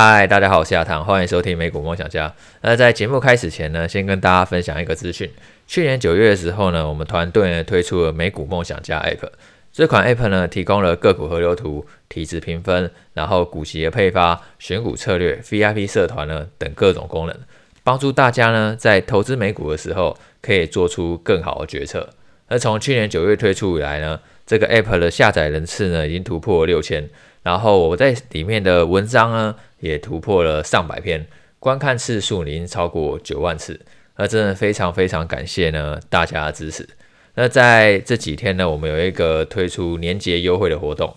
嗨，Hi, 大家好，我是亞堂，歡迎收聽美股夢想家。那在節目開始前呢，先跟大家分享一個資訊。去年九月的時候呢，我們團隊呢推出了美股夢想家 APP，這款 APP 呢提供了個股河流圖、體質評分，然後股息的配發、選股策略、VIP 社團呢等各種功能，幫助大家呢在投資美股的時候可以做出更好的決策。而從去年九月推出以來呢，這個 APP 的下載人次呢，已經突破六千，然後我在裡面的文章呢，也突破了上百篇，觀看次數已經超過九萬次，那真的非常非常感謝呢大家的支持。那在這幾天呢，我們有一個推出年節優惠的活動，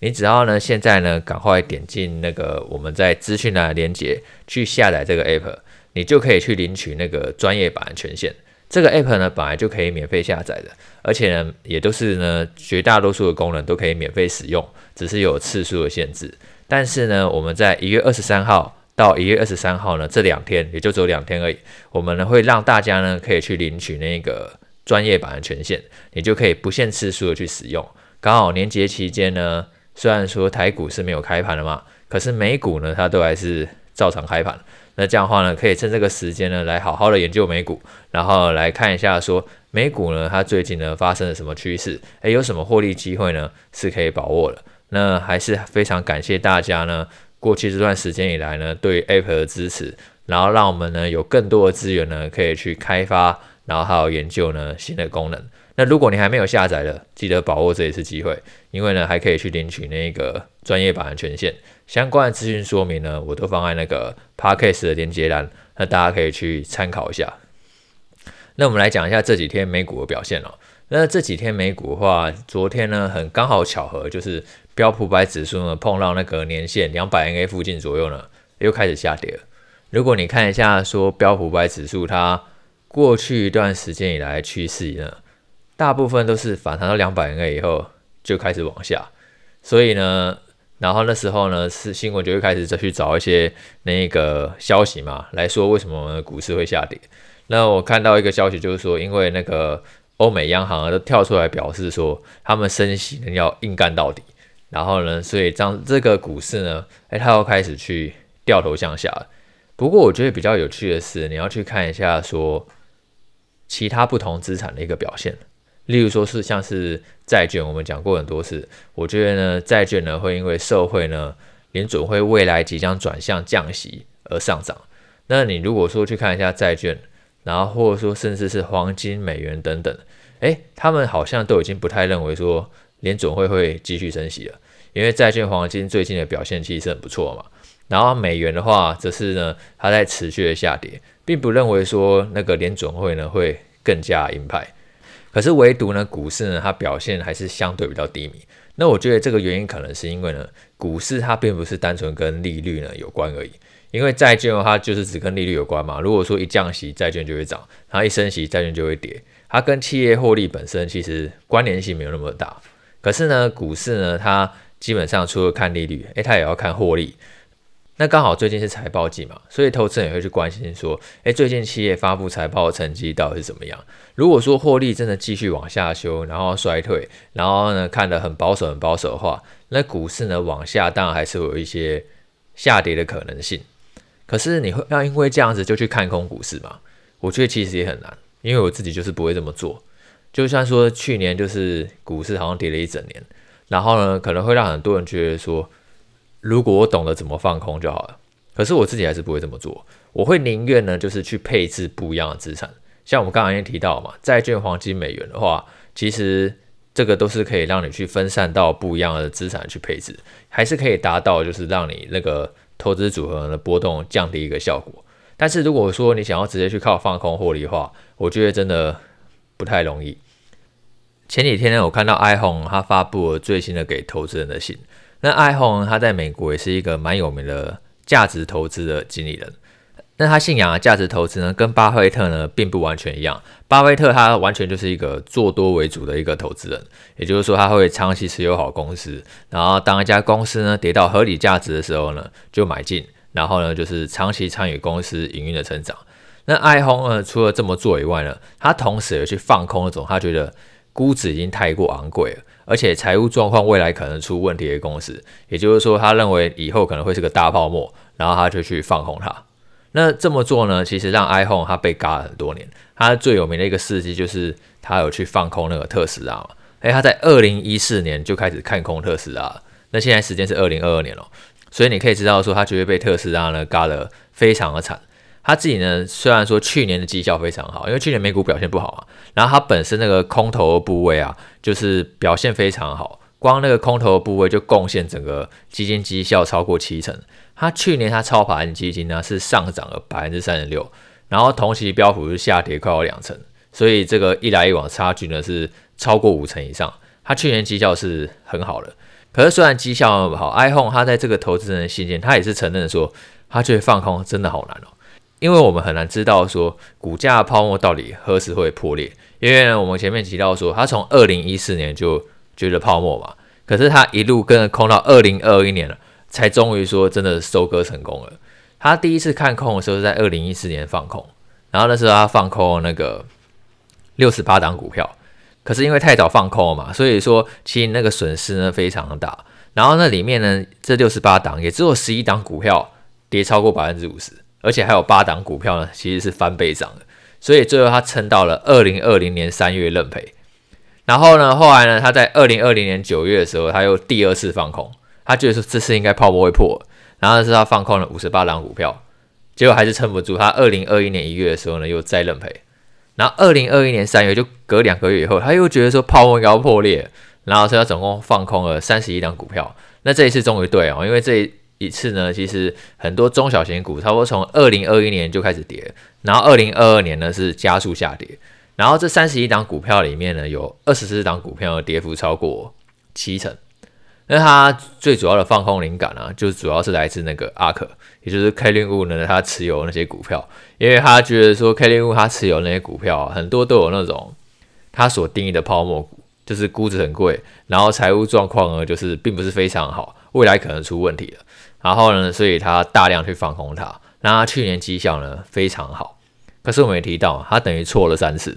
你只要呢現在呢趕快點進那個我們在資訊的鏈接去下載這個 APP，你就可以去領取那個專業版權限。這個 app 呢，本來就可以免費下載的，而且呢也都是呢絕大多數的功能都可以免費使用，只是有次數的限制。但是呢我們在一月二十三號到一月二十四號呢，這兩天也就只有兩天而已，我們呢會讓大家呢可以去領取那個專業版的權限，你就可以不限次數的去使用。剛好年節期間呢，雖然說台股是沒有開盤的嘛，可是美股呢它都還是照常開盤。那這樣的話呢，可以趁這個時間呢，來好好的研究美股，然後來看一下說美股呢，它最近呢發生了什麼趨勢，哎，有什麼獲利機會呢，是可以把握的。那還是非常感謝大家呢，過去這段時間以來呢，對 App 的支持，然後讓我們呢有更多的資源呢，可以去開發，然後還有研究呢新的功能。那如果你還沒有下載的，記得把握這一次機會，因為呢還可以去領取那個專業版的權限。相關的資訊說明呢，我都放在那個 podcast 的鏈接欄，那大家可以去參考一下。那我們來講一下這幾天美股的表現哦。那這幾天美股的話，昨天呢很剛好巧合，就是標普五百指數呢碰到那個年線兩百 NA 附近左右呢，又開始下跌了。如果你看一下說標普五百指數它過去一段時間以來趨勢呢？大部分都是反彈到兩百個以後就開始往下，所以呢，然後那時候呢是新聞就會開始再去找一些那個消息嘛，來說為什麼我們的股市會下跌。那我看到一個消息就是說，因為那個歐美央行都跳出來表示說，他們升息要硬幹到底，然後呢，所以這這個股市呢，哎，它又開始去掉頭向下。不過我覺得比較有趣的是，你要去看一下說其他不同資產的一個表現。例如說是像是債券，我們講過很多次。我覺得呢，債券呢會因為受惠呢聯準會未來即將轉向降息而上漲。那你如果說去看一下債券，然後或者說甚至是黃金、美元等等，哎，他們好像都已經不太認為說聯準會會繼續升息了，因為債券、黃金最近的表現其實很不錯嘛。然後美元的話，則是呢它在持續的下跌，並不認為說那個聯準會呢會更加鷹派。可是唯獨呢，股市呢，它表現還是相對比較低迷。那我覺得這個原因可能是因為呢，股市它並不是單純跟利率呢有關而已，因為債券它就是只跟利率有關嘛。如果說一降息，債券就會漲，然後一升息，債券就會跌。它跟企業獲利本身其實關聯性沒有那麼大。可是呢，股市呢，它基本上除了看利率，哎、欸，它也要看獲利。那剛好最近是財報季嘛，所以投資人也會去關心說，誒、欸，最近企業發布財報的成績到底是怎麼樣？如果說獲利真的繼續往下修，然後衰退，然後呢看得很保守、很保守的話，那股市呢往下，當然還是有一些下跌的可能性。可是你會要因為這樣子就去看空股市嘛？我覺得其實也很難，因為我自己就是不會這麼做。就算說去年就是股市好像跌了一整年，然後呢可能會讓很多人覺得說。如果我懂得怎麼放空就好了，可是我自己還是不會這麼做。我會寧願呢，就是去配置不一樣的資產。像我們剛剛也提到嘛，債券、黃金、美元的話，其實這個都是可以讓你去分散到不一樣的資產去配置，還是可以達到就是讓你那個投資組合的波動降低一個效果。但是如果說你想要直接去靠放空獲利的話，我覺得真的不太容易。前幾天呢，我看到埃紅他發布了最新的給投資人的信。那艾虹呢，他在美國也是一個蠻有名的價值投資的經理人。那他信仰的價值投資呢，跟巴菲特呢並不完全一樣。巴菲特他完全就是一個做多為主的一個投資人，也就是說他會長期持有好公司，然後當一家公司呢跌到合理價值的時候呢，就買進，然後呢就是長期參與公司營運的成長。那艾虹呢，除了這麼做以外呢，他同時也去放空那種他覺得估值已經太過昂貴了。而且財務狀況未來可能出問題的公司，也就是說，他認為以後可能會是個大泡沫，然後他就去放空它。那這麼做呢，其實讓 iPhone 他被嘎了很多年。他最有名的一個事蹟就是他有去放空那個特斯拉嘛，誒，他在二零一四年就開始看空特斯拉了，那現在時間是二零二二年了喔，所以你可以知道說他絕對被特斯拉呢嘎得非常的慘。他自己呢，雖然說去年的績效非常好，因為去年美股表現不好啊。然後他本身那個空頭部位啊，就是表現非常好，光那個空頭部位就貢獻整個基金績效超過七成。他去年他超盤基金呢是上漲了百分之三十六，然後同期標普是下跌快要兩成，所以這個一來一往差距呢是超過五成以上。他去年績效是很好的，可是雖然績效很好,好，iPhone 他在這個投資人的信件，他也是承認說，他覺得放空真的好難哦。因為我們很難知道說股價泡沫到底何時會破裂。因為呢，我們前面提到說，他從二零一四年就覺得泡沫嘛，可是他一路跟着空到二零二一年了，才終於說真的收割成功了。他第一次看空的時候是在二零一四年放空，然後那時候他放空那個六十八檔股票，可是因為太早放空了嘛，所以說其實那個損失呢非常大。然後那裡面呢，這六十八檔也只有十一檔股票跌超過百分之五十，而且還有八檔股票呢，其實是翻倍漲的，所以最後他撐到了二零二零年三月認賠。然後呢，後來呢，他在二零二零年九月的時候，他又第二次放空，他覺得說這次應該泡沫會破。然後是他放空了五十八檔股票，結果還是撐不住。他二零二一年一月的時候呢，又再認賠。然後二零二一年三月，就隔兩個月以後，他又覺得說泡沫要破裂，然後是他總共放空了三十一檔股票。那這一次終於對哦，因為這。其次呢，其實很多中小型股，差不多從二零二一年就開始跌，然後二零二二年呢是加速下跌，然後這三十一檔股票裡面呢，有二十四檔股票跌幅超過七成。那它最主要的放空靈感呢、啊，就主要是來自那個 ARK，也就是 Cathie Wood 呢，他持有那些股票，因為他覺得說 Cathie Wood 他持有那些股票、啊，很多都有那種他所定義的泡沫股，就是估值很貴，然後財務狀況呢就是並不是非常好，未來可能出問題了。然後呢，所以它大量去放空它，那他去年績效呢非常好，可是我們也提到，它等於錯了三次。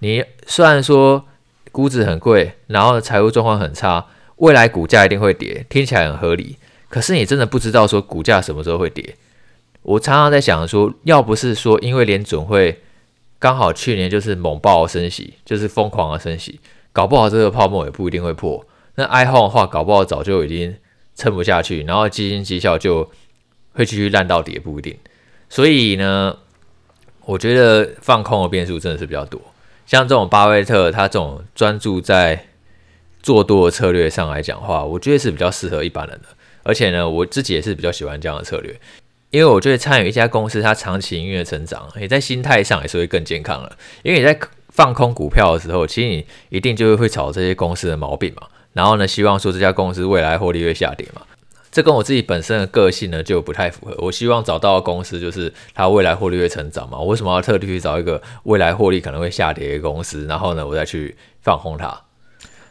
你雖然說估值很貴，然後財務狀況很差，未來股價一定會跌，聽起來很合理，可是你真的不知道說股價什麼時候會跌。我常常在想說，要不是說因為聯準會剛好去年就是猛爆升息，就是瘋狂的升息，搞不好這個泡沫也不一定會破。那 iPhone 的話，搞不好早就已經。撐不下去，然後基金績效就會繼續爛到底也不一定，所以呢，我覺得放空的變數真的是比較多。像這種巴菲特他這種專注在做多的策略上來講話，我覺得是比較適合一般人的。而且呢，我自己也是比較喜歡這樣的策略，因為我覺得參與一家公司，它長期營運的成長，你在心態上也是會更健康了。因為你在放空股票的時候，其實你一定就會會炒這些公司的毛病嘛。然後呢，希望說這家公司未來獲利會下跌嘛？這跟我自己本身的個性呢，就不太符合。我希望找到的公司就是它未來獲利會成長嘛？我為什麼要特地去找一個未來獲利可能會下跌的公司？然後呢，我再去放空它？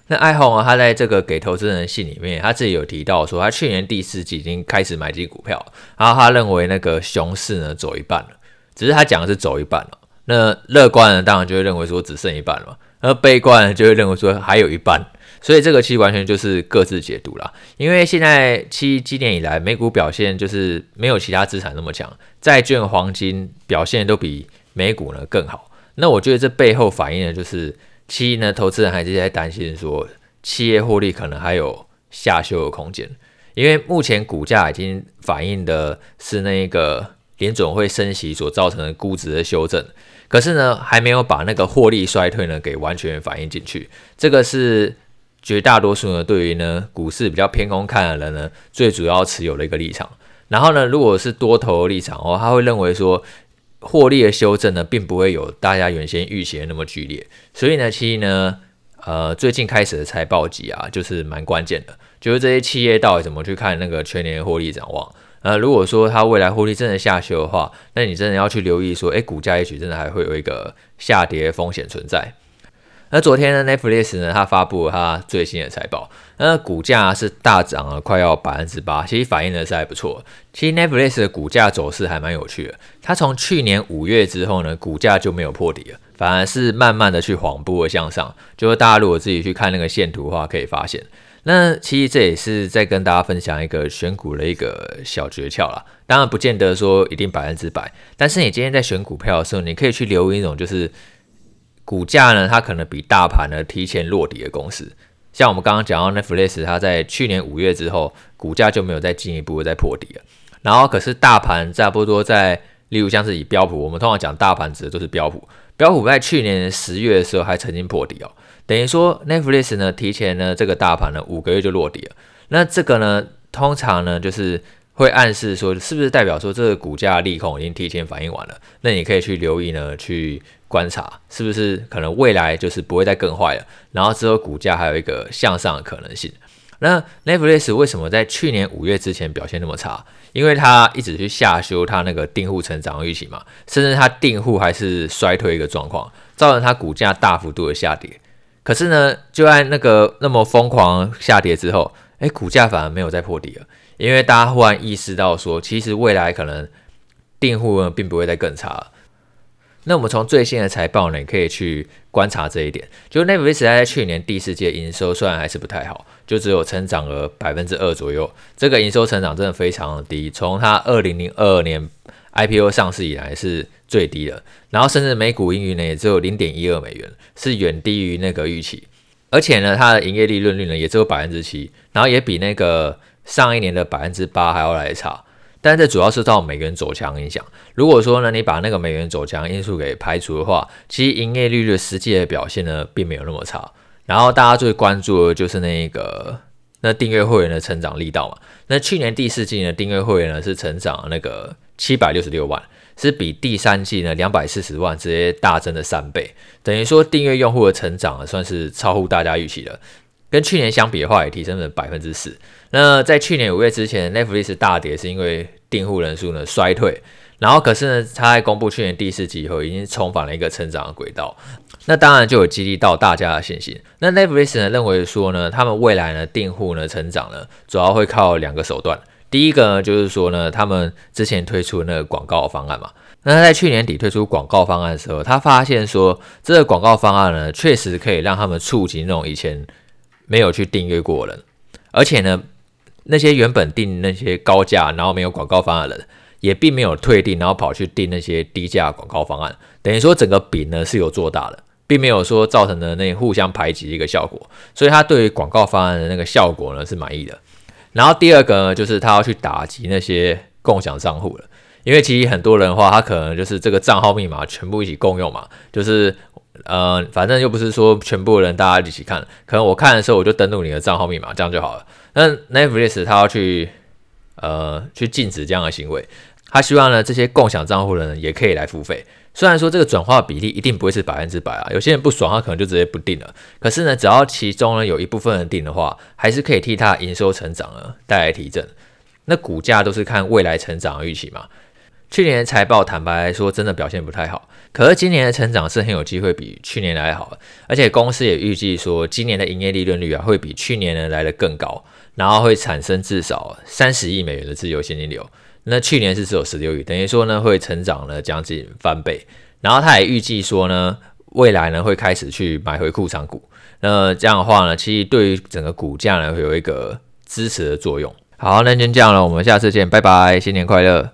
那艾宏啊，他在這個給投資人的信裡面，他自己有提到說，他去年第四季已經開始買進股票，然後他認為那個熊市呢，走一半了，只是他講的是走一半了。那樂觀呢，當然就會認為說只剩一半了嘛，那悲觀呢，就會認為說還有一半。所以這個其實完全就是各自解讀啦，因為現在七、今年以來，美股表現就是沒有其他資產那麼強，債券、黃金表現都比美股呢更好。那我覺得這背後反映呢，就是七呢，投資人還是在擔心說，企業獲利可能還有下修的空間，因為目前股價已經反映的是那一個聯準會升息所造成的估值的修正，可是呢，還沒有把那個獲利衰退呢給完全反映進去，這個是，絕大多數呢，對於呢股市比較偏空看的人呢，最主要持有的一個立場。然後呢，如果是多頭的立場哦，他會認為說，獲利的修正呢，並不會有大家原先預期的那麼劇烈。所以呢，其實呢，呃，最近開始的財報季啊，就是蠻關鍵的，就是這些企業到底怎麼去看那個全年獲利展望。呃，如果說它未來獲利真的下修的話，那你真的要去留意說，哎，股價也許真的還會有一個下跌風險存在。那昨天呢，Netflix 呢，它發布了它最新的財報，那個、股價是大漲了，快要百分之八，其實反映的是還不錯。其實 Netflix 的股價走勢還蠻有趣的，它從去年五月之後呢，股價就沒有破底了，反而是慢慢的去緩步的向上，就是大家如果自己去看那個線圖的話，可以發現。那其實這也是在跟大家分享一個選股的一個小訣竅啦，當然不見得說一定百分之百，但是你今天在選股票的時候，你可以去留一種就是。股價呢，它可能比大盤呢提前落底的公司，像我們剛剛講到 Netflix，它在去年五月之後，股價就沒有再進一步再破底了。然後可是大盤差不多在，例如像是以標普，我們通常講大盤指的就是標普，標普在去年十月的時候還曾經破底哦。等於說 Netflix 呢提前呢這個大盤呢五個月就落底了，那這個呢通常呢就是會暗示說，是不是代表說這個股價利空已經提前反應完了？那你可以去留意呢去。觀察是不是可能未來就是不會再更壞了，然後之後股價還有一個向上的可能性。那 Netflix 為什麼在去年五月之前表現那麼差？因為它一直去下修它那個訂戶成長預期嘛，甚至它訂戶還是衰退一個狀況，造成它股價大幅度的下跌。可是呢，就按那個那麼瘋狂下跌之後，哎，股價反而沒有再破底了，因為大家忽然意識到說，其實未來可能訂戶呢並不會再更差了。那我們從最新的財報呢，也可以去觀察這一點。就 Netflix 在去年第四季營收雖然還是不太好，就只有成長了百分之二左右，這個營收成長真的非常的低，從它二零零二年 IPO 上市以來是最低的。然後甚至每股盈餘呢也只有零點一二美元，是遠低於那個預期。而且呢，它的營業利潤率呢也只有百分之七，然後也比那個上一年的百分之八還要來差。但這主要是受到美元走強影響。如果說呢，你把那個美元走強因素給排除的話，其實營業利率的實際的表現呢，並沒有那麼差。然後大家最關注的就是那個那訂閱會員的成長力道嘛。那去年第四季呢，訂閱會員呢，是成長了那個七百六十六萬，是比第三季呢兩百四十萬直接大增了三倍，等於說訂閱用戶的成長呢，算是超乎大家預期的。跟去年相比的話，也提升了百分之四。那在去年五月之前，Netflix 大跌是因為訂戶人數呢衰退。然後，可是呢，他在公布去年第四季以後，已經重返了一個成長的軌道。那當然就有激勵到大家的信心。那 Netflix 呢認為說呢，他們未來呢訂戶呢成長呢，主要會靠兩個手段。第一個呢就是說呢，他們之前推出那個廣告方案嘛。那在去年底推出廣告方案的時候，他發現說這個廣告方案呢，確實可以讓他們觸及那種以前。沒有去訂閱過的人，而且呢，那些原本訂那些高價然後沒有廣告方案的人，也並沒有退訂，然後跑去訂那些低價廣告方案，等於說整個餅呢是有做大的，並沒有說造成的那互相排擠的一個效果，所以他對於廣告方案的那個效果呢是滿意的。然後第二個呢，就是他要去打擊那些共享賬戶了，因為其實很多人的話，他可能就是這個賬號密碼全部一起共用嘛，就是。呃，反正又不是說全部的人大家一起看，可能我看的時候，我就登錄你的賬號密碼這樣就好了。那 Netflix 他要去呃去禁止這樣的行為，他希望呢這些共享賬戶的人也可以來付費。雖然說這個轉化比例一定不會是百分之百啊，有些人不爽他可能就直接不訂了。可是呢，只要其中呢有一部分人訂的話，還是可以替他營收成長而帶來提振。那股價都是看未來成長的預期嘛。去年財報，坦白來說，真的表現不太好。可是今年的成長是很有機會比去年來好，而且公司也預計說，今年的營業利潤率啊，會比去年呢來得更高，然後會產生至少三十億美元的自由現金流。那去年是只有十六億，等於說呢，會成長了將近翻倍。然後他也預計說呢，未來呢會開始去買回庫藏股。那這樣的話呢，其實對於整個股價呢，會有一個支持的作用。好，那先這樣了，我們下次見，拜拜，新年快樂。